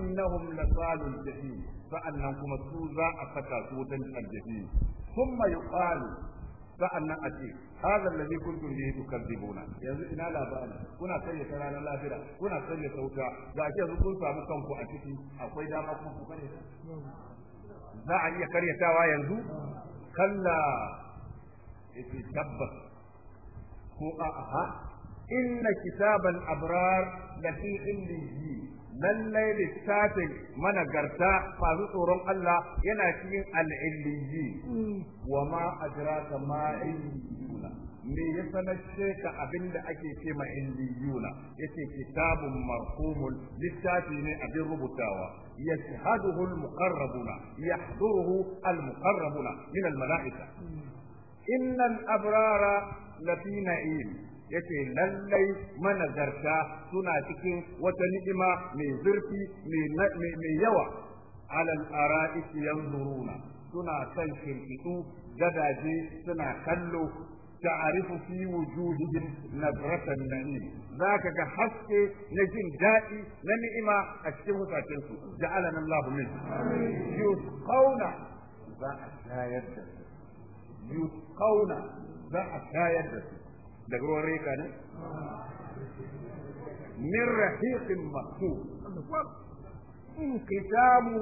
innahum lasalul jahim sa'annan kuma su za a saka su wutan aljahim thumma yuqalu sa'annan a ce hadha alladhi kuntum bihi tukadzibuna yanzu ina labari kuna sanya ta ranar lafira kuna sanya sauta ga ake yanzu kun samu kanku a ciki akwai dama kuma ku za a iya karyatawa yanzu kalla ko a'a inna kitabal abrar lallai littafin managarta fasu tsoron Allah yana cikin al'illiyi wa ma jira ma illiyuna me ya sanace ka abinda ake ce ma ya yace kitabun marhumul littafi ne abin rubutawa yashhaduhu al-muqarrabuna yahduruhu al-muqarrabuna min al-mala'ika hmm. innal abrara lafi na'im yace lallai manazarta suna cikin wata ni'ima mai zurfi mai yawa alal ara'iki yanzuruna suna san shirkitu gadaje suna kallo ta'arifu fi wujuhihim nadratan na'im zaka ga haske na jin daɗi na ni'ima a cikin mutacin su ja'alana Allahu min yusqawna za a shayar da su yusqawna za a shayar da su daga ruwan reka ne min rahiqin maktum in ka samu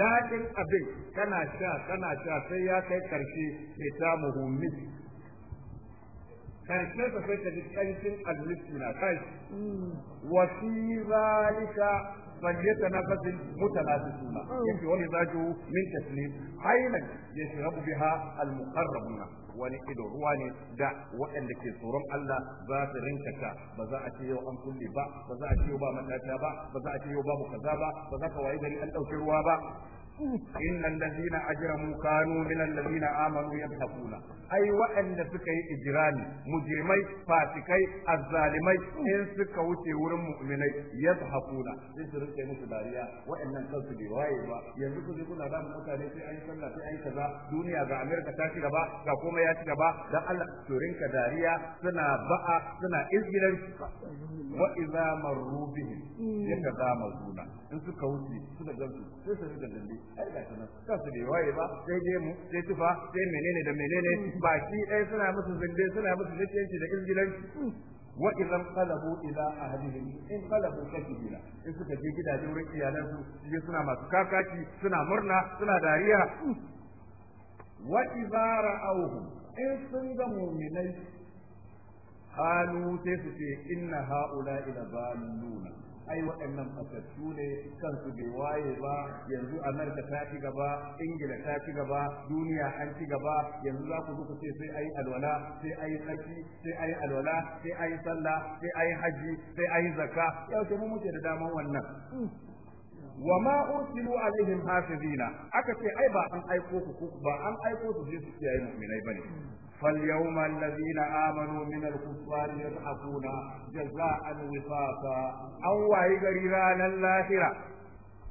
daɗin abin kana sha kana sha sai ya kai karshe ka samu hummi karshe ka sai ka ji ƙanshin almiski na kai hmm. wasi zalika فليتنافس المتنافسون يجي ومزاجه من تسليم عينا يشرب بها المقربون wani ido ruwa ne da waɗanda ke tsoron Allah za su rinka ba za a ce yau an kulle ba ba za a ce yau ba matata ba ba za a ce yau babu kaza ba ba za ka wayi gari an ɗauki ruwa ba إن الذين أجرموا كانوا من الذين آمنوا يضحكون أي وأن سكي إجران مجرمي فاسقي الظالمي إن سكا وتي ورم مؤمني يضحكون إذن ركي مسداريا وإن بواي بوايبا يزكو زكونا دام مكاني في أي سنة في أي كذا دنيا غا أمريكا تاشي غبا غا كوما ياشي غبا دا ألا تورين كداريا سنا بقى سنا إزجلن وإذا مروا بهم يتغامزون إن سكا وتي سنة جنسي سنة جنسي ai ga sanan kansu bai waye ba sai gemu sai tufa sai menene da menene mm. baki ɗaya suna musu zinde suna musu likiyanci da izgilanci mm. wa idan qalabu ila ahlihim in qalabu kafira in suka je gidaje wurin iyalansu je suna masu kakaki suna murna suna dariya mm. wa idza ra'awhum in sun ga mu'minai qalu sai su ce inna ha'ula ila zalununa ai waɗannan fasassu ne kansu bai waye ba yanzu Amerika ta ci gaba Ingila ta ci gaba duniya an ci gaba yanzu za ku ku ce sai ayi alwala sai ai sarki sai ai alwala sai ai sallah sai ai haji sai ai zakka yau mu muke da daman wannan Wa ma hurkino a zai Aka ce ai ba an aiko ku ko ba an aiko su je su kiyai musulmai ba ne. Fal yauman na zina abu a nominar kuffar yadda a kuna da za a gari ranar Lahira.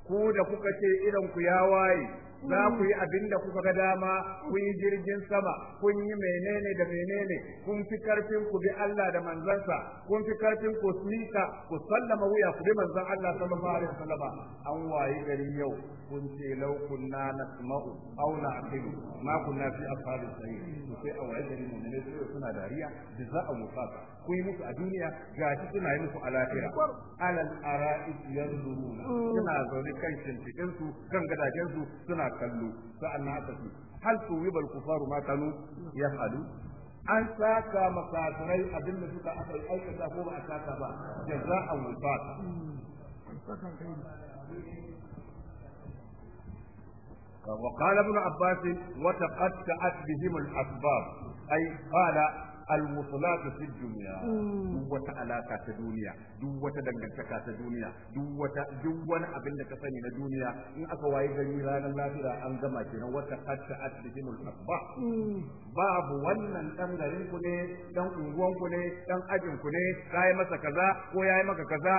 ku da kuka ce idan ku ya waye? za ku yi abin da kuka ga dama kun yi jirgin sama kun yi menene da menene kun fi karfin ku bi Allah da manzansa kun fi karfin ku mika ku sallama wuya ku bi manzan Allah sallallahu alaihi wasallam an wayi gari yau kun ce law kunna nasma'u aw na'qilu ma kunna fi ashabis sayyid sai a wayi gari mun ne suna dariya da za a musaka ku yi musu a duniya gashi suna yi musu a lafiya alal ara'is yanzuruna mm. suna zaune kan shimfiɗin kan gadajensu suna kallo sa'annan aka ce hal tuwibal kufaru ma kanu yaf'alu an saka makasarai abin da suka aka aikata ko ba a saka ba jaza'an wifaqa وقال ابن عباس وتقطعت بهم الاسباب اي قال al-musulat fi dunya hmm. duk wata alaka ta duniya duk wata dangantaka ta duniya duk wani abin da ka sani na duniya in aka wayi gari ranar lafiya an gama kenan wata hatta asbihimul asba hmm. babu wannan ɗan garin ku ne dan unguwan ku ne dan ajin ku ne kai masa kaza ko yayi maka kaza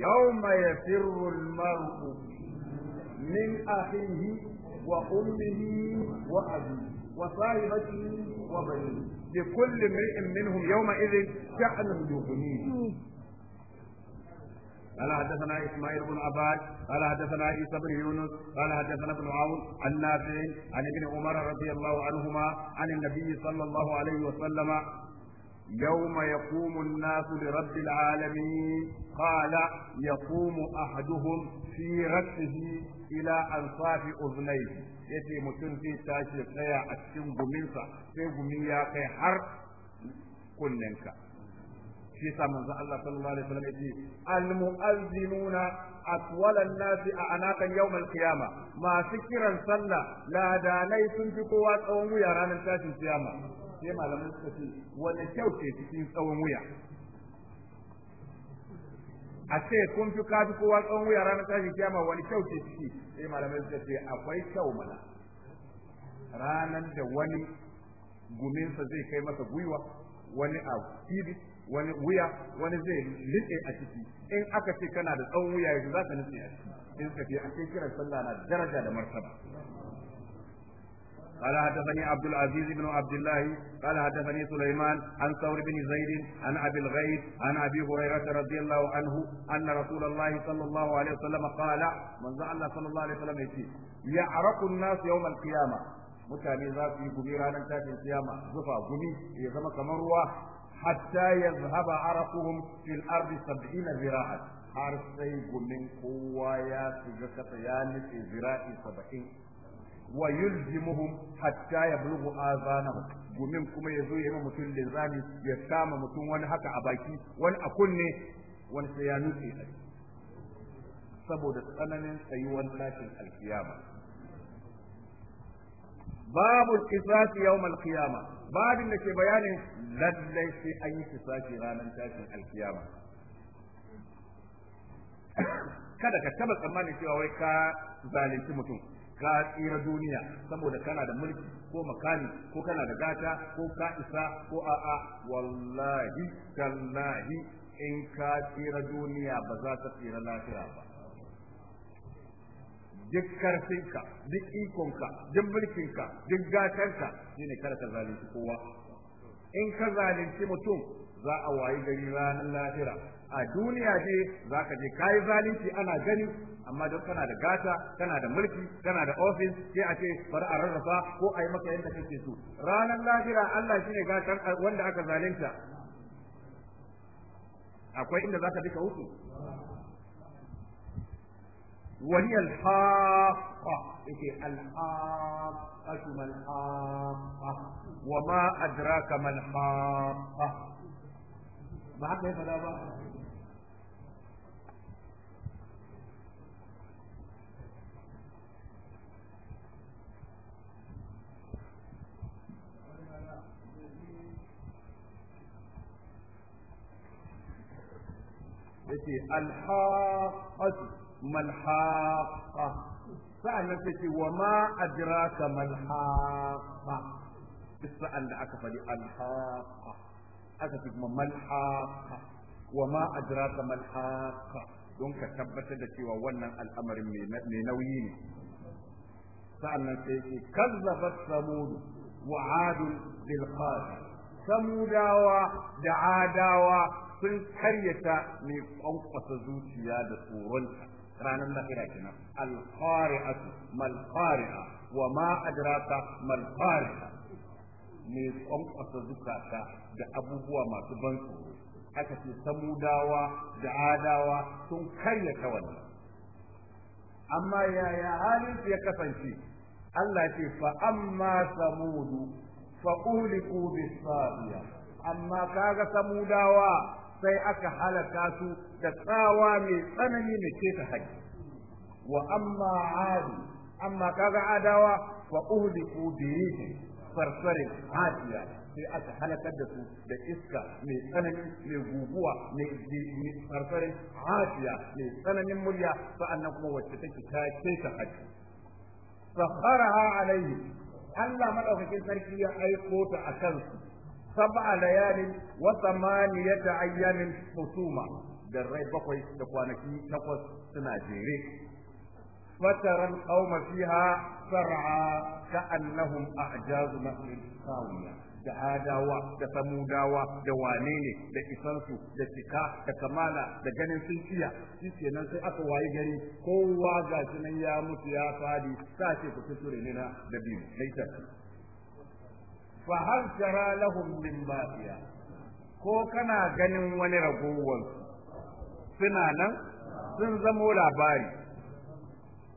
yawma yafirru al-mar'u min akhihi wa ummihi wa abihi وصاحبته وبنيه لكل امرئ منهم يومئذ شأن يغنيه قال حدثنا اسماعيل بن عباد قال حدثنا عيسى بن يونس قال حدثنا ابن عون عن نافع عن ابن عمر رضي الله عنهما عن النبي صلى الله عليه وسلم يوم يقوم الناس لرب العالمين قال يقوم احدهم في ركعه ila ansafi uznai yace mutum zai tashi tsaya a cikin guminsa sai gumi ya kai har kunninka shi yasa manzo Allah sallallahu alaihi wasallam yace al mu'azzinuna atwala an-nasi a'anakan yawm al-qiyama masu kiran sallah ladanai sun fi kowa tsawon wuya ranar tashin kiyama sai malaman suka ce wani kyau ce cikin tsawon wuya a ce kun fi kafi kowa tsawon wuya ranar tashin kiyama wani kyau ce ciki sai malamai suka ce akwai kyau mana ranar da wani guminsa zai kai masa gwiwa wani a cibi wani wuya wani zai liƙe a ciki in aka ce kana da tsawon wuya yanzu za ka nutse a ciki in ka ce a kiran sallah na daraja da martaba قال حدثني عبد العزيز بن عبد الله قال حدثني سليمان عن ثور بن زيد عن ابي الغيث عن ابي هريره رضي الله عنه ان رسول الله صلى الله عليه وسلم قال من زعل صلى الله عليه وسلم يعرق الناس يوم القيامه mutane za su yi gumi ranar tashin kiyama zufa gumi ya zama kamar ruwa hatta yazhaba araquhum fil ardi 70 zira'at har sai gumin kowa ya shiga kasa ya nitse zira'i 70 wa yulzimuhum hatta yablughu azanahum gumin kuma yazo yayi mutum linzami ya kama mutum wani haka a baki wani a kunne wani sai ya nutse saboda tsananin tsayuwar tashin alkiyama babul qisas yawm alqiyama babin da ke bayanin lallai sai an yi kisasi ranar tashin alkiyama kada ka taba tsammani cewa wai ka zalunci mutum ka tsira duniya saboda kana da mulki ko makami ko kana da gata ko ka isa ko a'a wallahi tallahi in ka tsira duniya ba za ka tsira lafiya ba duk karfinka duk ikonka duk mulkinka duk gatanka ne kada ka zalunci kowa in ka zalunci mutum za a wayi gari ranar lahira a duniya ce zaka je kayi zalunci ana gani amma don kana da gata kana da mulki kana da ofis sai a ce bari a rarrafa ko a yi maka yadda kake so ranar lahira Allah shine gatan wanda aka zalunta akwai inda zaka bi ka wuce وهي الحاقة إيه الحاقة ما الحاقة وما أدراك Ba haka yi fada ba. yace alhaqatu malhaqa sa'annan sai wa ma adraka malhaqa sa'an da aka faɗi alhaqa aka ce kuma malhaqa wa ma adraka malhaqa don ka tabbatar da cewa wannan al'amarin mai nauyi ne sa'annan sai ce kazzabat samud wa adun bil qadi samudawa da adawa sun karyata mai kwankwasa zuciya da tsoronta ranar lahira kina al-qari'atu mal qari'a wa ma adraka mal qari'a mai kwankwasa zukata da abubuwa masu ban tsoro aka ce samudawa da adawa sun karyata wannan amma yaya halin ya kasance Allah ce fa amma samudu fa uliku bis amma kaga samudawa sai aka halaka su da tsawa mai tsanani mai ta haƙƙi wa amma adu amma kaga adawa wa fa ku bi farfarin hadiya sai aka halakar da su da iska mai tsanani mai guguwa mai farfarin hadiya mai tsananin murya sa'annan kuma wacce take ta haƙi haƙƙi sakharaha alaihi Allah madaukakin sarki ya aiko ta akan su sab'a layalin wa thamaniyata ayyamin husuma da rai bakwai da kwanaki takwas suna jere فترى القوم فيها صرعى كأنهم أعجاز نخل خاوية da adawa da samudawa da wanene da isansu da cika da kamala da ganin sun iya shi kenan sai aka waye gari kowa ga nan ya mutu ya fadi sa ce ku tusure ne na da biyu fa hal tara lahum min baqiya ko kana ganin wani ragowar suna nan sun zamo labari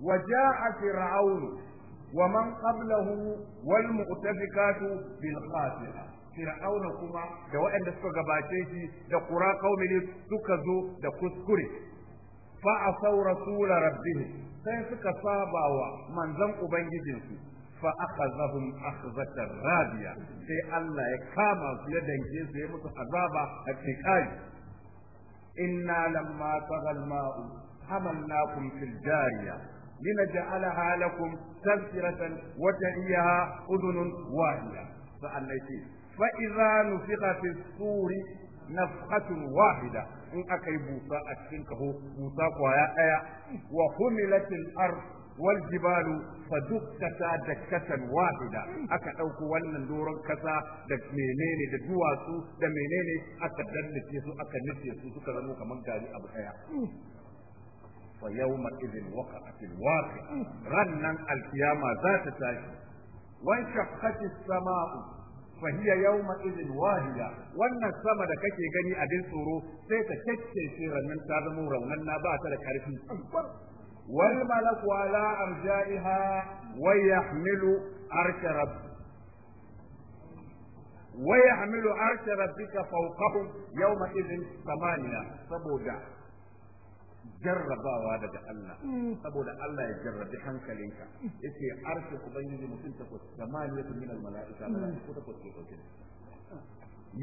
waja'a fir'aun wa man qablahu wal mu'tafikatu bil khasira fir'aun kuma da waɗanda suka gabace shi da qura qaumili suka zo da kuskure fa asaw rasul rabbih sai suka saba wa manzon ubangijinsu fa akhazahum akhzatan radiya sai Allah ya kama su ya danke su ya musu azaba a tikai inna lamma tagal ma'u hamalnakum fil jariya linaj'alaha lakum tadhkiratan wa ta'iyaha udhunun wahiya fa allati fa idza nufiqa fi suri nafhatun wahida in akai busa a cikin kaho busa kwaya daya wa humilatil ardh والجبال فدكتا دكة واحدة أكا أوكو ولن دورا كسا دك منيني دواسو دا منيني أكا دلت يسو أكا نت يسو سكا رموك من قالي أبو حيا فيومئذ وقعت الواقعة رنا القيامة ذات تاشي وانشقت السماء فهي يومئذ واهية وان السماء دا كتي غني أدل سورو سيتا كتي سيرا من تابمو رونا با تلك والملك على أرجائها ويحمل عرش ربك yau عرش ربك فوقهم يومئذ ثمانية سبودا jarrabawa daga Allah saboda Allah ya jarrabi hankalinka yace arshin ubangiji mutum takwas da maliyatu min al mala'ika mala'ika takwas ke dauke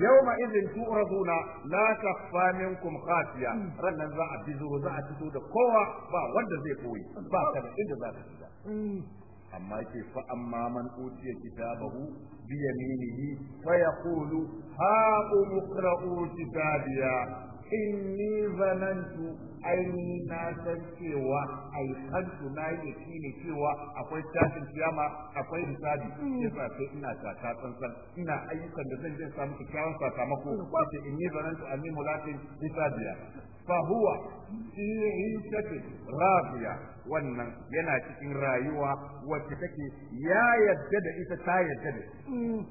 yawma izin tu'raduna la takhfa minkum khafiya rannan za a bizo za a fito da kowa ba wanda zai koyi ba kada inda za ka shiga amma ke fa amma man utiya kitabahu bi yaminihi fa yaqulu ha umqra'u kitabiya inni zanantu aini na san cewa aikantu na yi ne cewa akwai tashin kiyama akwai hisabi hmm. yasa sai ina ta tsantsan ina ayyukan da zan je samu kyakkyawan sakamako wato in yi su anni mulakin hisabiya fa huwa fi hisati rabiya wannan yana cikin rayuwa wacce take ya yadda da ita ta yadda da hmm.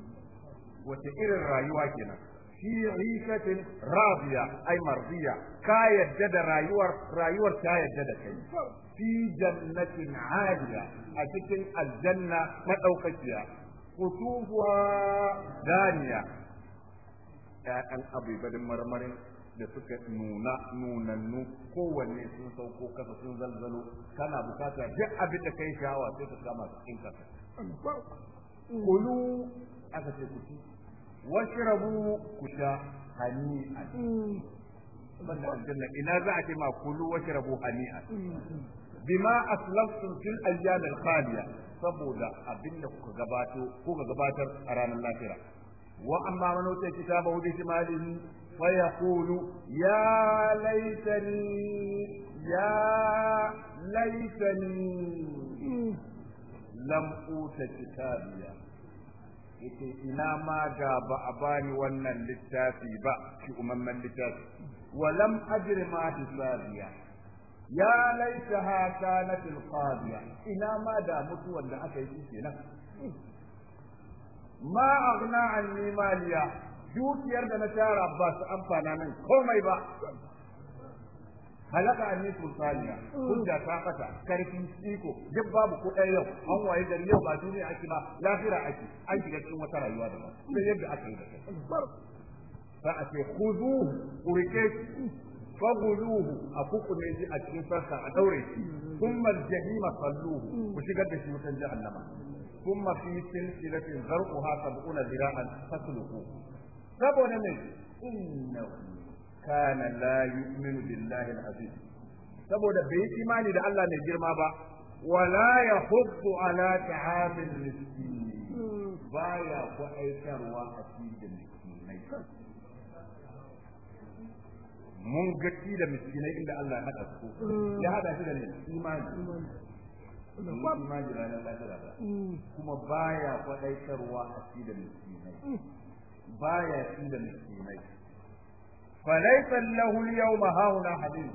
wace irin rayuwa kenan fi rikatin radiya ai mardiya ka yadda da rayuwar rayuwar ta yadda da kai fi jannatin aliya a cikin aljanna madaukakiya kutubuwa daniya ya'yan abibadin marmarin da suka nuna nunannu kowanne sun sauko kasa sun zalzalo kana bukata duk abin da kai shawa sai ka kama cikin kasa kulu aka ce ku washrabu ku hani'an ina za a ce ma kulu washrabu hani'an bima aslaftum fil ayyam al khaliya saboda abinda kuka gabato kuka gabatar a ranar lafira wa amma man wata kitaba wuce shimalihi fa yaqulu ya laitani ya laitani lam uta kitabiya yace ina ma ga ba a bani wannan littafi ba shi umman littafi walam ajri ma tisabiya ya ha kanat alqadiya ina ma da mutuwan da aka yi kenan ma aghna anni maliya dukiyar da na tara ba su amfana nan komai ba halaka ne to saniya mm. hujja ta kasa karfi siko. duk babu ko ɗaya yau an waye gari yau ba duniya ake ba lafira ake an shiga cikin wata rayuwa da ba sai yadda aka yi da kai fa a ce khudu urike faguluhu a kukume shi a cikin sarka a daure shi kuma mm. jahima salluhu mm. ku shigar da shi wutan jahannama kuma fi silsilatin zarquha sab'una dira'an fasluhu saboda ne innahu kana la yu'minu billahi al-aziz saboda bai imani da Allah mai girma ba wala yahuddu ala ta'amil miskin baya ku aikarwa a cikin miskinai mun ga da miskinai inda Allah ya hada su ya hada shi da ne imani imani ranar lafiya kuma baya kwaɗaitarwa a cikin miskinai baya cikin miskinai فليس له اليوم هاهنا حميم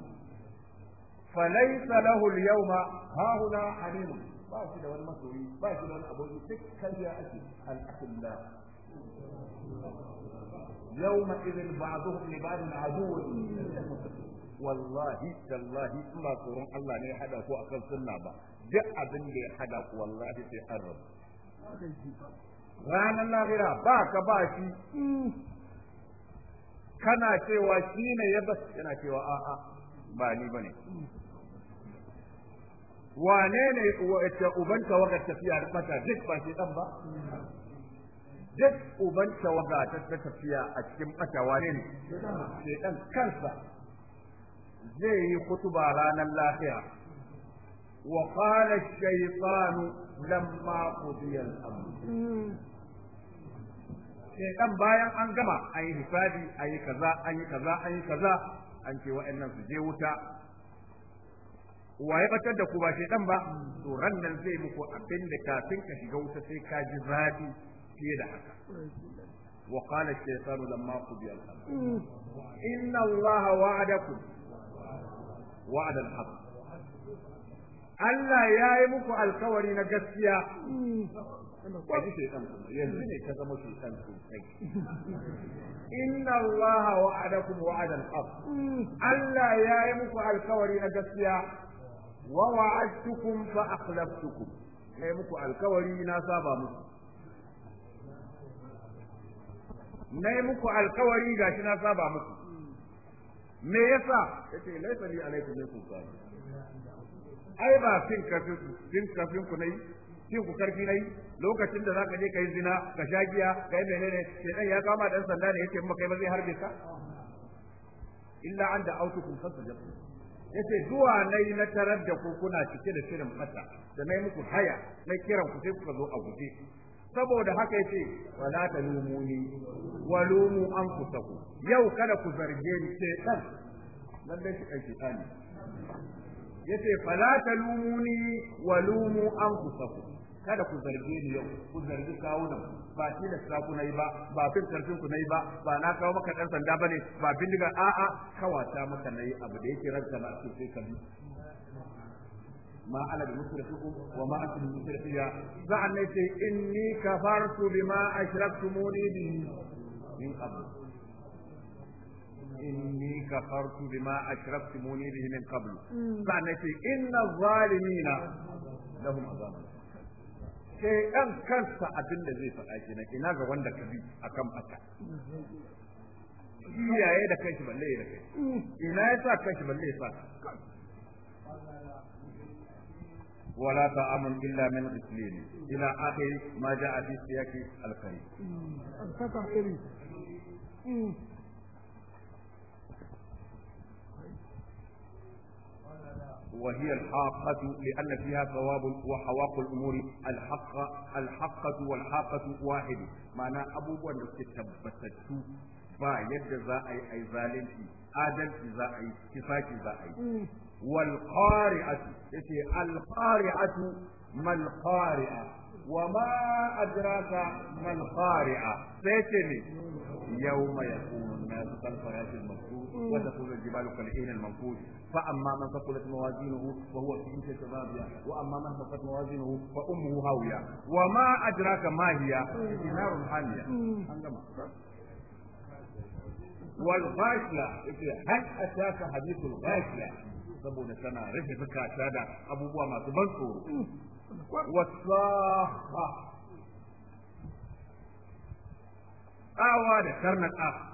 فليس له اليوم هاهنا حميم ba shi da wani masoyi ba shi da wani aboki duk kariya ake al'akulla yawma idin ba'duhum li ba'din aduwwun wallahi tallahi in ba tsoron Allah ne ya hada ku akan sunna ba duk abin da ya hada ku wallahi sai ranar lahira ba ka ba shi kana cewa shi ne ya bas yana cewa a'a ba ni ba ne wane ne ya ubanta waga tafiya da fata duk ba shi dan ba duk ubanta waga ta tafiya a cikin fata wane ne sai dan kansa zai yi kutuba ranar lafiya wa qala ash lamma qudiya al-amr hmm. shekan bayan an gama an yi hisabi an yi kaza an yi kaza an yi kaza an ce wa'annan su je wuta wa ya batar da ku ba shekan ba tsoron nan zai muku abin da kafin ka shiga wuta sai ka ji zafi fiye da haka wa qala shaytanu lamma maku al-amr inna allaha wa'adakum wa'ada al haka. Allah ya yi muku alkawari na gaskiya ka ji shaytan kuma yanzu ne zama inna Allah wa'adakum wa'adal haqq Allah ya yi muku alkawari na gaskiya wa wa'adtukum fa akhlaftukum ya muku alkawari na saba muku na yi muku alkawari gashi na saba muku me yasa yace laisa li alaikum ai ba fin kafin fin kafin ku nayi shin ku karfi nai lokacin da zaka je kai zina ka shagiya kai menene sai dan ya kama dan sanda ne yace maka ba zai harbe ka illa an da autukum fasajatu yace zuwa nai na tarar da ku kuna cike da shirin fata da nai muku haya na kiran ku sai kuka zo a guje saboda haka yace wala talumuni walumu anfusakum yau kada ku zarge ni dan lalle shi kai shaytani yace fala talumuni walumu anfusakum kada ku zarge ni yau ku zargi kawo da ba shi da saku nayi ba ba fin karfin ku nayi ba ba na kawo maka dan sanda bane ba bindiga a a kawata maka nayi abu da yake ranka ba ce sai kabi ma ana bi musrifukum wa ma antum musrifiya za an ne sai inni kafartu bima ashraktumuni bi? min qabl inni kafartu bima ashraktumuni bi min qabl za hmm. an ne sai inna zalimina lahum azabun shaytan kansa abin da zai faɗa kenan ina ga wanda ka bi akan bata iyaye da kanshi balle ya kai ina ya sa kanshi balle ya sa ولا طعام الا من غسلين الى اخر ما جاء في سياق الكريم وهي الحاقة لأن فيها ثواب وحواق الأمور الحق الحقة والحاقة واحد معنى أبو أن تثبتت با يد za a yi a yi zalunci adalci za a yi kifaki za a yi wal qari'atu yace al qari'atu mal qari'a wa ne yawma وتكون الجبال كالعين المنفوش فأما من ثقلت موازينه فهو في عيشة راضية وأما من خفت موازينه فأمه هاوية وما أدراك ما هي نار حامية والغاشلة هل أتاك حديث الغاشلة saboda tana rufe zukata da abubuwa masu ban tsoro wasaha tsawa da karnaka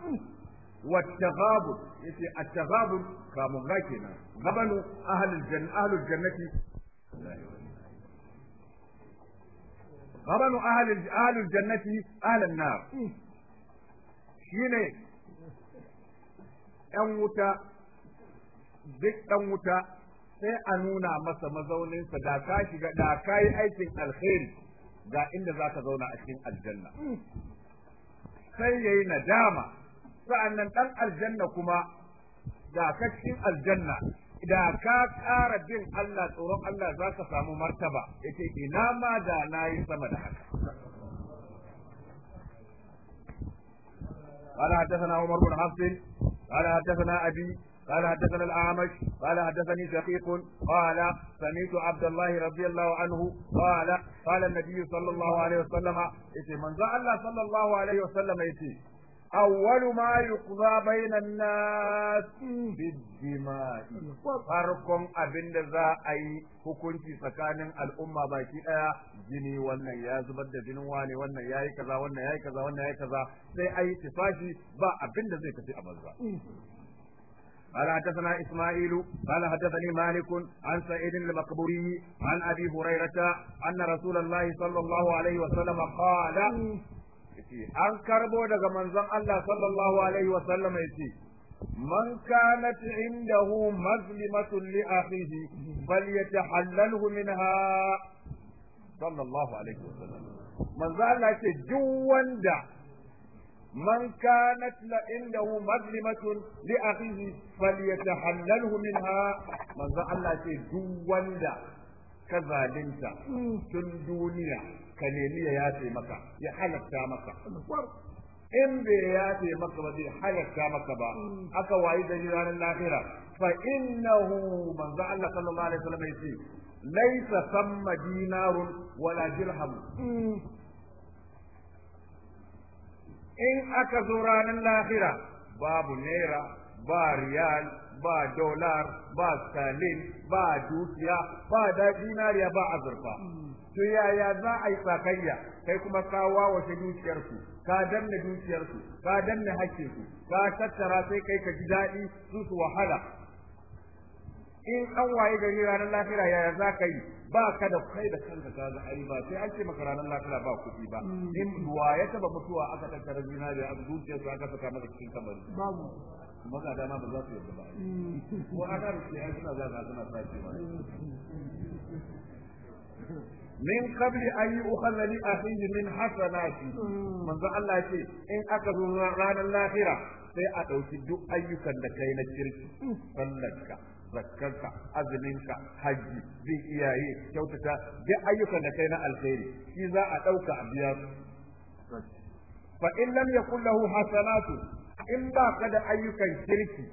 والتغابن يتي التغابن كامو غاكينا غبن أهل الجنة أهل الجنة غبن أهل أهل الجنة أهل النار شيني ‘yan wuta, duk ɗan wuta sai a nuna masa mazauninsa da ka shiga da ka yi aikin alheri ga inda za ka zauna a cikin aljanna. Sai ya yi nadama sa'annan dan aljanna kuma da ka cikin aljanna da ka ƙara bin Allah tsoron Allah za ka samu martaba yace ina ma da nayi sama da haka قال حدثنا عمر بن حفص قال حدثنا ابي قال حدثنا الأعمش قال حدثني شقيق قال سمعت عبد الله رضي الله عنه قال قال النبي صلى الله عليه وسلم إتي من الله صلى الله عليه وسلم إتي أول ما يقضى بين الناس بالدماء فرقم أبن ذا أي hukunci tsakanin al'umma baki ɗaya, jini wannan ya zubar da jinin wani wannan yayi kaza wannan yayi kaza wannan yayi kaza sai ayi tifashi ba abin da zai tafi a banza قال حدثنا إسماعيل قال حدثني مالك عن سعيد المقبوري عن أبي هريرة أن رسول الله صلى الله عليه وسلم قال yace an karbo daga manzon Allah sallallahu alaihi wa sallama yace man kanat indahu mazlimatun li akhihi falyatahallalhu minha sallallahu alaihi wa sallam manzo Allah yace duk wanda man kanat la indahu mazlimatun li akhihi falyatahallalhu minha manzo Allah yace duk wanda ka zalunta tun duniya ka nemi ya yafe maka ya halatta maka in bai yafe maka ba zai halatta maka ba aka wayi da ranar lahira fa innahu manzo Allah sallallahu alaihi wasallam yace laysa samma dinarun wala dirham in aka zo ranar lahira babu naira ba riyal ba dolar ba salin ba dukiya ba da dinariya ba azurfa to yaya za a yi tsakayya kai kuma ka wawashe dukiyarsu ka danna dukiyarsu ka danna hakkinsu ka tattara sai kai ka ji daɗi su su wahala in an waye gari ranar lafiya yaya za ka yi ba ka da kai da kanka ka ga ai ba sai an ce maka ranar lafiya ba kuɗi ba hmm. in duwa ya taba mutuwa aka tattara da a dukiyarsu aka saka maka cikin kamari babu maza dama ba za su yarda ba hmm. ko ana da suna za ka suna ba min qabli an a li akhihi min hasanati hmm. manzo Allah ce in aka zo ranar lahira sai a dauki duk ayyukan da kai na kirki hmm. sallarka zakkanka azuminka haji bin iyaye kyautata duk ayyukan da kai na alkhairi shi za a dauka a biya fa in lam yakul lahu hasanatu in ba ka da ayyukan kirki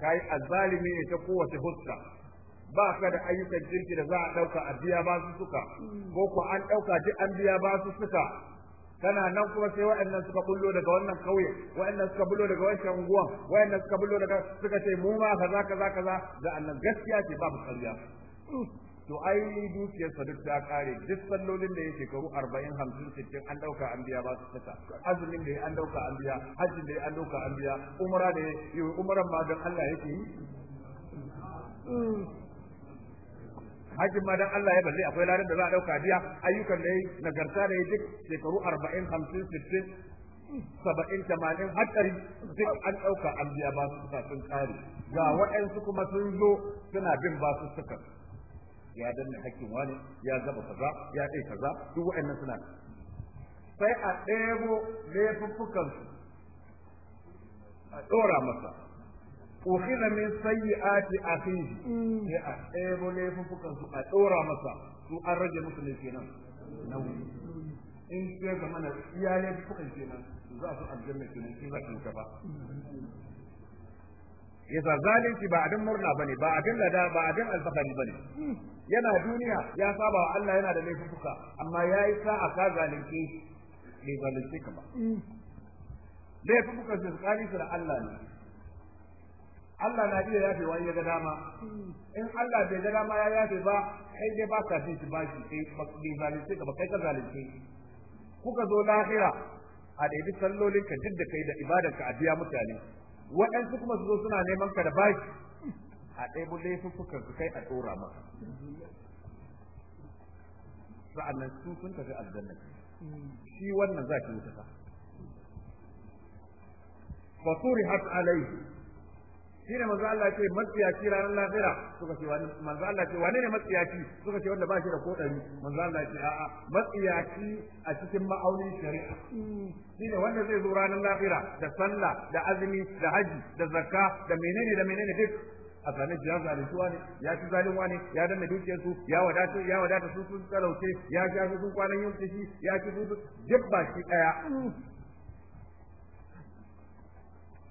kai azalimi ne ta kowace huska ba ka da ayyukan jirgi da za a ɗauka a biya ba su suka ko ko an ɗauka duk an biya ba su suka kana nan kuma sai waɗannan suka bullo daga wannan kauye waɗannan suka bullo daga wancan unguwan waɗannan suka bullo daga suka ce mu ma kaza kaza kaza da annan gaskiya ce babu ƙarya to ai sa duk ta kare duk sallolin da ya shekaru arba'in hamsin cikin an dauka an biya ba su saka azumin da ya an dauka an biya hajjin da ya an dauka an biya umra da ya umran ma dan Allah yake yi hajjin ma dan Allah ya balle akwai ladan da za a dauka biya ayyukan da yayi nagarta da yayi duk shekaru 40 50 60 saba'in tamanin hatsari duk an ɗauka an biya ba su suka sun ƙare ga waɗansu kuma sun zo suna bin ba su suka ya danna hakkin wani ya gaba kaza ya ɗai kaza duk waɗannan suna sai a ɗebo laifuffukansu a ɗora masa ukhidha min sayyiati akhihi ya mm. asaibu ne fufukan su a dora masa su an rage musu ne kenan nauyi mm. in sai zama na iyalai fufukan kenan za su aljanna kenan in za su ba mm. yasa zalunci ba abin murna bane ba abin lada ba abin alfahari bane yana duniya ya saba wa Allah yana da laifuka amma yayi sa'a ka zalunce bai zalunce ka ba laifuka su tsari da Allah ne Allah na iya yafe wa ya ga dama in Allah bai ga dama ya yafe ba sai dai ba ka ji shi ba shi sai zalunce ka ba kai ka zalunce kuka zo lahira a ɗaiɗi sallolin ka duk da kai da ibadar ka a biya mutane waɗansu kuma su zo suna neman ka da bashi a ɗaibu laifuffukan su kai a ɗora maka sa'annan su sun tafi aljanna shi wannan za ki wuta fa hat alaihi shine manzo Allah ce matsiyaci ranar lafira suka ce wani manzo Allah ce wane ne matsiyaci suka ce wanda ba shi da kodari manzo Allah ce a'a matsiyaci a cikin ma'aunin shari'a shine wanda zai zo ranar lafira da sallah da azumi da haji da zakka da menene da menene duk a zane shi ya zalintuwa ne ya ci zalinwa wani ya danna dukiyar su ya wadata ya wadata su sun talauce ya sha su sun kwanan yin fushi ya ci su jibba shi daya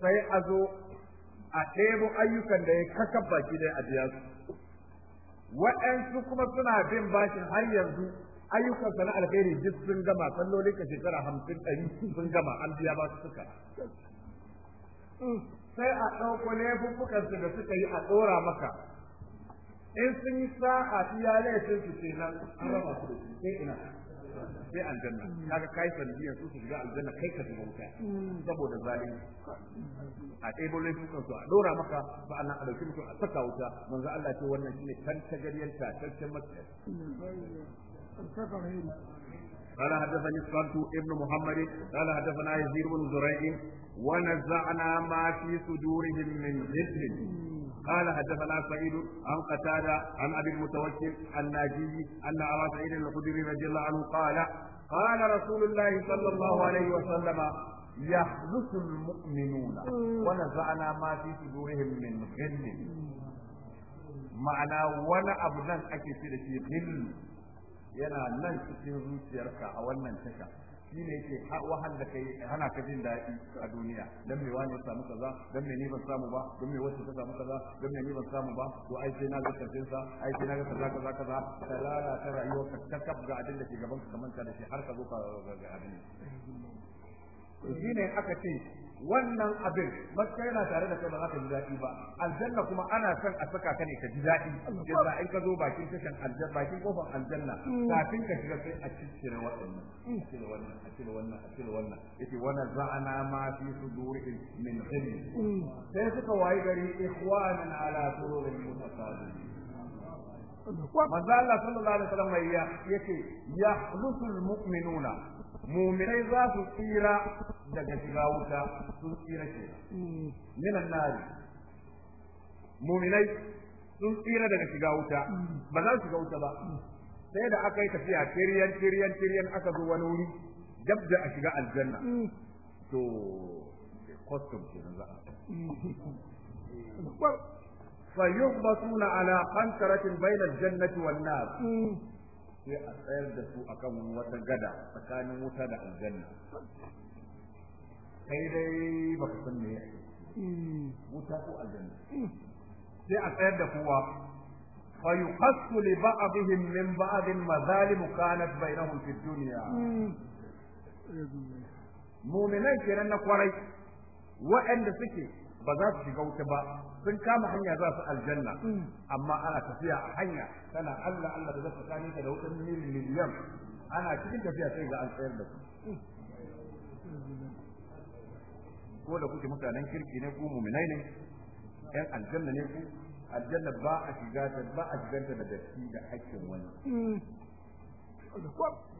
sai a zo a ɗebo ayyukan da ya kakab baki dai a biya su waɗansu kuma suna bin bashin har yanzu ayyukan sana alheri duk sun gama sallolin ka shekara hamsin ɗari sun gama an biya ba su suka sai a ɗauko laifuffukan su da suka yi a ɗora maka in sun yi sa'a iya laifin su kenan an raba su sai ina sai aljanna kaga kai sanadiyan su su shiga aljanna kai ka shiga wuta saboda zalimi a ɗebo laifukan su a dora maka sa'annan a dauki mutum a saka wuta manzo Allah ce wannan shine tantagariyar tataccen matsayar قال حدثنا الصمت ابن محمد قال حدثنا يزيد بن زريع ونزعنا ما في صدورهم من غل قال حدثنا سعيد عن قتادة عن أبي المتوكل الناجي أن أبا سعيد الخدري رضي الله عنه قال قال رسول الله صلى الله عليه وسلم يحدث المؤمنون ونزعنا ما في صدورهم من غل ma'ana wani abu nan ake ce da shi yana nan cikin zuciyarka a wannan tasha shi ne yake wahal da kai hana ka jin daɗi a duniya dan me wani samu kaza dan me ni ban samu ba dan me wacce ta samu kaza dan me ni ban samu ba to ai sai na ga kafin sa ai sai na ga kaza kaza kaza talala ta rayuwa ka takab ga abin da ke gaban ka kamar ka da shi har ka zo ka ga abin shi ne aka ce wannan abin mace yana tare da kai ba za ka ji daɗi ba aljanna kuma ana son a saka ka ne ka ji daɗi yadda in ka zo bakin tashan aljanna bakin kofar aljanna kafin ka shiga sai a cire waɗannan cire wannan a cire wannan a cire wannan yace wa naza'ana ma fi sudurihim min ghilli sai suka wayi gari ikhwanan ala sururin mutasabihin manzo Allah sallallahu alaihi wasallam yace yahlusul mu'minuna muminai za su tsira daga shiga wuta sun tsira ke minan nari muminai sun tsira daga shiga wuta ba za su shiga wuta ba sai da aka yi tafiya tiriyan tiriyan tiriyan aka zo wani wuri dab da a shiga aljanna to custom nan za a فيغبطون على قنطرة بين الجنة wannan. sai a tsayar da su akan wata gada tsakanin wuta da aljanna kai dai baka san me yake wuta ko aljanna sai a tsayar da kowa fa yuqassu li ba'dihim min ba'd mazalim kanat bainahum fi dunya Muminan kenan na kwarai waɗanda suke ba za su shiga wuta ba sun kama hanya za su aljanna amma ana tafiya a hanya tana Allah Allah da zafi kane ka da wutan miliyan ana cikin tafiya sai ga alfayar da su ko da kuke mutanen kirki ne ku mu'minai ne ɗan aljanna ne ku aljanna ba a shiga ta ba a ta da datti da hakkin wani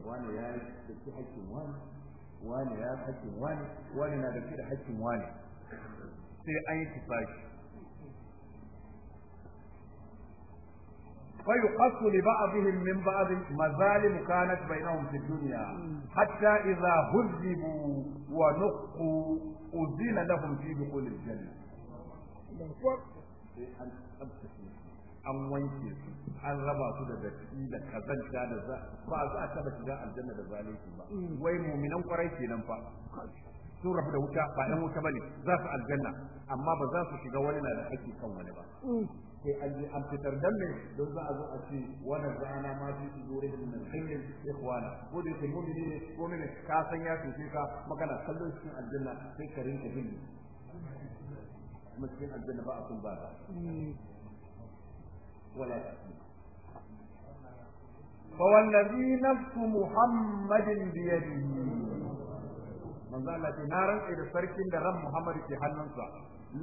wani ya yi datti hakkin wani wani ya hakkin wani wani na datti da hakkin wani sai an yi tufafi fa yuqassu li ba'dihim min ba'd mazalim kanat bai fi duniya? hatta idha hujibu wa nuqqu udina lahum fi dukhul al-janna an wanke su an raba su da datti da kazanta da za ba za a taba shiga aljanna da zalunci ba mm. wai muminan kwarai kenan fa sun rabu da wuta ba ɗan wuta bane za su aljanna amma ba za su shiga wani na da ake kan wani ba sai an ji an fitar da ne don za a zo a ce wannan zana ma ji su zure min sai hilm ikhwana ko da kai mu'mini ne ko ne ka san ya tuke ka magana kallon cikin aljanna sai ka rinka bin مسكين ba ba wala بابا ولا فوالذي نفس Muhammadin بيده manzo Allah ce na rantsa da sarkin da ran muhammadu ke hannunsa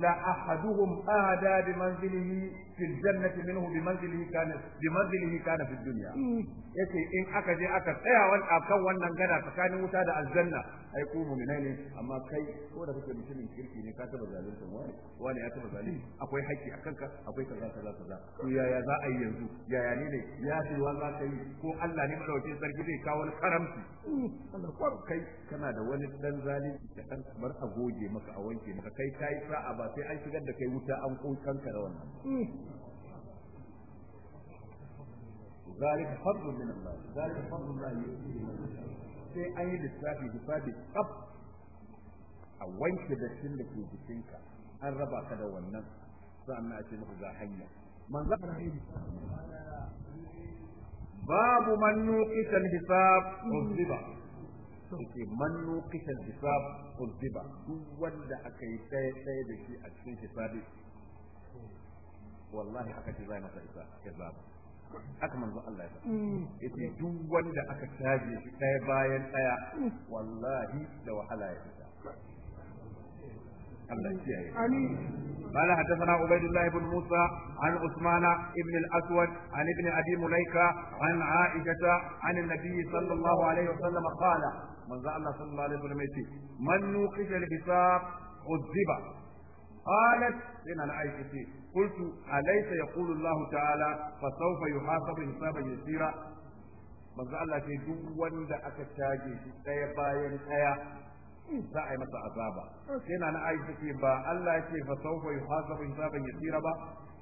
la ahaduhum ahada bi manzilihi fil jannati minhu bi manzilihi kana bi manzilihi kana dunya hmm. yace in aka je aka tsaya a kan wannan gada tsakanin wuta da aljanna ai ku mu'minai ne amma kai ko da kake mutumin kirki ne ka taba zalunta wani wani ya taba zalunta akwai haƙƙi a kanka akwai kaza kaza kaza to yaya za a yi yanzu yaya ne ne ya shi wa za ka yi ko Allah ne madaukakin sarki zai kawo wani karamci hmm, Allah ko kai kana da wani dan zalunci da kan bar a goge maka a wanke maka kai kai sa'a ba sai an shigar da kai wuta an kanka da wannan hmm. zalika fadlun min Allah zalika fadlun Allah yu'tihi man yasha sai an yi lissafi lissafi tsaf a wanke dattin da ke jikinka an raba ka da wannan sa'annan a ce maka ga hanya manzo babu man nuqita al-hisab uziba suke man nuqita al-hisab uziba duk wanda aka yi sai sai da shi a cikin hisabi wallahi aka ce zai masa hisab haka manzo Allah ya yace duk wanda aka taje shi ɗaya bayan ɗaya wallahi da wahala ya fita الله يجزيه قال حدثنا عبيد الله بن موسى عن عثمان بن الاسود عن ابن ابي مليكه عن عائشه عن النبي صلى الله عليه وسلم قال من ذا الله صلى الله عليه وسلم من نوقش الحساب عذب قالت لنا عائشه قلت أليس يقول الله تعالى فسوف يحاسب حسابا يسيرا manzo Allah ce duk wanda aka caje shi ɗaya bayan ɗaya za a yi masa azaba sai na Aisha ba Allah ce yasira ba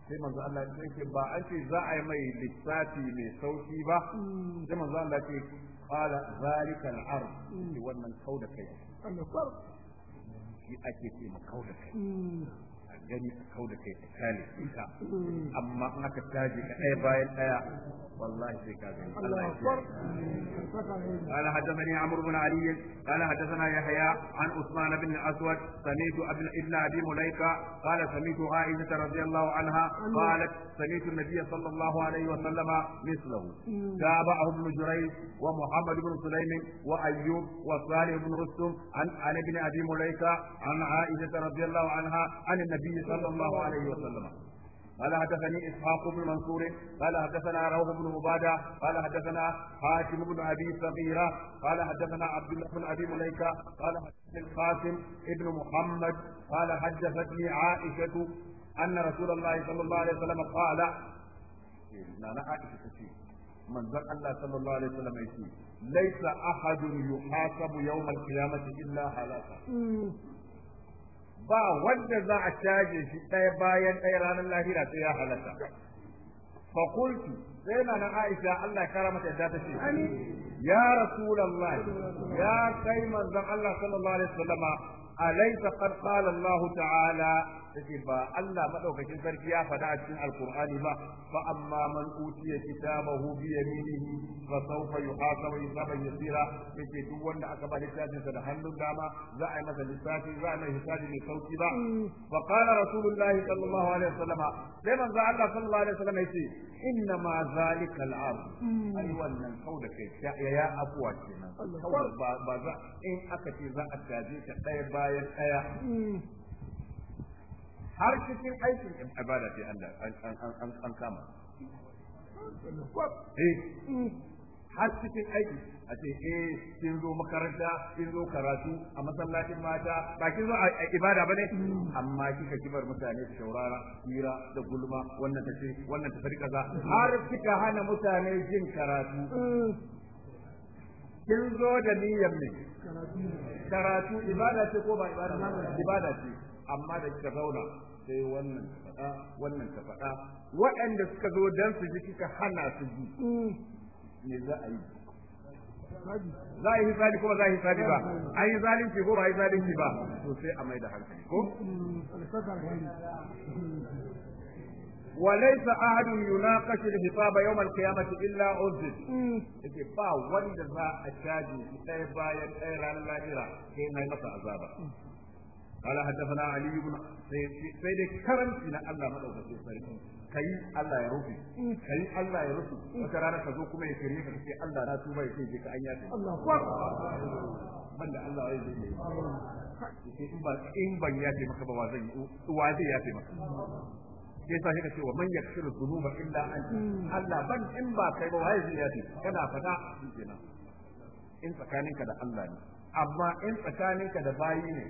sai manzo Allah ya ce ba an ce za a yi mai lissafi mai sauki ba sai manzo Allah ce qala zalika al-ard wannan kauda kai shi ake ce kauda kai gani ka kau da kai kale ka amma in aka taji ka ɗaya bayan ɗaya والله في كافر الله اكبر قال حدثني عمرو بن علي قال حدثنا يحيى عن عثمان بن الاسود سمعت ابن ابن ابي مليكه قال سمعت عائشه رضي الله عنها قالت سمعت النبي صلى الله عليه وسلم مثله تابعه ابن جريج ومحمد بن سليم وايوب وصالح بن رستم عن عن ابن ابي مليكه عن عائشه رضي الله عنها عن النبي النبي صلى الله عليه وسلم قال حدثني اسحاق بن منصور قال حدثنا روح بن عباده قال حدثنا حاتم بن ابي صغيره قال حدثنا عبد الله بن ابي مليكه قال حدثني القاسم بن محمد قال حدثتني عائشه ان رسول الله صلى الله عليه وسلم قال نانا عائشه تشي من ذا الله صلى الله عليه وسلم يشي ليس احد يحاسب يوم القيامه الا هلاكا ba wanda za a caje shi ɗaya bayan ɗaya ranar lahira sai ya halaka fa sai na Aisha Allah ya mata yadda ta ce ya rasulallah, ya kai manzon Allah sallallahu alaihi wasallama alaysa qad qala Allah ta'ala take ba Allah madaukakin sarki ya faɗa a cikin alqur'ani ba fa amma man utiya kitabahu bi yaminihi fa sawfa yuhasabu hisaban yasira yake duk wanda aka ba littafin sa da hannun dama za a yi masa lissafi za a yi hisabi mai sauki ba fa qala rasulullahi sallallahu alaihi wasallam sai manzo Allah sallallahu alaihi wasallam yace inna ma zalika al'am ai wannan kauda kai ya afuwa kenan ba ba za in aka ce za a gaje ka ɗaya ba bayan ɗaya har cikin aikin ibada sai Allah an kama eh, har cikin aiki a ce eh kin zo makaranta kin zo karatu a masallacin mata ba kin zo a ibada bane amma kika kibar mutane su shaurara hira da gulma wannan tace wannan ta fari kaza har kika hana mutane jin karatu kin zo da niyyar ne karatu ibada ce ko ba ibada ibada ce amma da kika zauna sai wannan faɗa wannan ta faɗa waɗanda suka zo dan su ji kika hana su ji me za a yi za a yi hisabi ko ba za a yi hisabi ba a yi zalunci ko ba a yi zalunci ba to sai a mai da hankali ko mm, وليس أحد يناقش الحساب يوم القيامة إلا عزل إذا با ولد ذا أشاجي أي با يتأير على الآخرة كيما يمسى عذابا قال حدثنا علي بن سيد كرم إلى الله مدعو بسيطة kai Allah ya rufe kai Allah ya rufe wata rana ka zo kuma ya kire ka ce Allah na tuba ya ce ka an yafe Allah in ba in ban ba sai sai ka ce wa man yaksiru dhunuba illa an hmm. Allah ban in ba kai ba wai zai yi kana fada kenan in tsakaninka da Allah ne amma in tsakaninka da bayi ne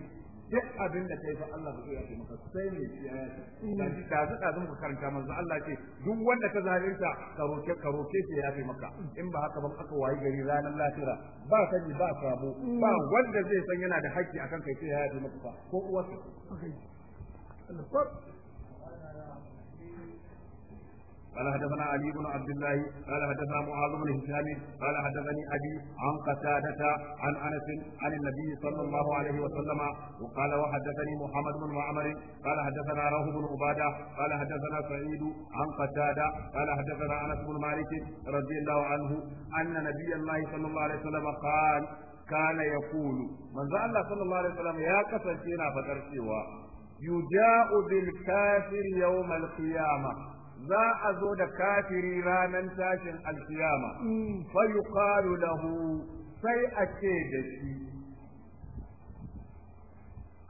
duk abin da kai fa Allah zai yi maka sai ne shi ya yi hmm. da shi da zuka zan ku karanta manzo Allah ce duk wanda ka zalunta ka roke ka roke shi ya yafi maka in ba haka ba aka wayi gari ranar lafira ba ji ba sabo hmm. ba wanda zai san yana da haƙƙi akan kai sai ya yi maka ko uwarsa قال حدثنا علي بن عبد الله قال حدثنا معاذ بن هشام قال حدثني ابي عن قتادة عن انس عن النبي صلى الله عليه وسلم وقال وحدثني محمد بن معمر قال حدثنا روح بن عبادة قال حدثنا سعيد عن قتادة قال حدثنا انس بن مالك رضي الله عنه ان نبي الله صلى الله عليه وسلم قال كان يقول من ذا الله صلى الله عليه وسلم يا كسر فينا فكر يجاء بالكافر يوم القيامه za a zo da kafiri ranar tashin alkiyama mm. fa yuqalu lahu sai a ce da shi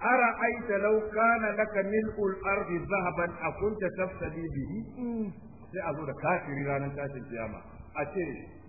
أرأيت لو كان لك ملء zahaban ذهبا أكنت تفتدي bihi mm. sai a zo da kafiri ranar tashin alkiyama a ce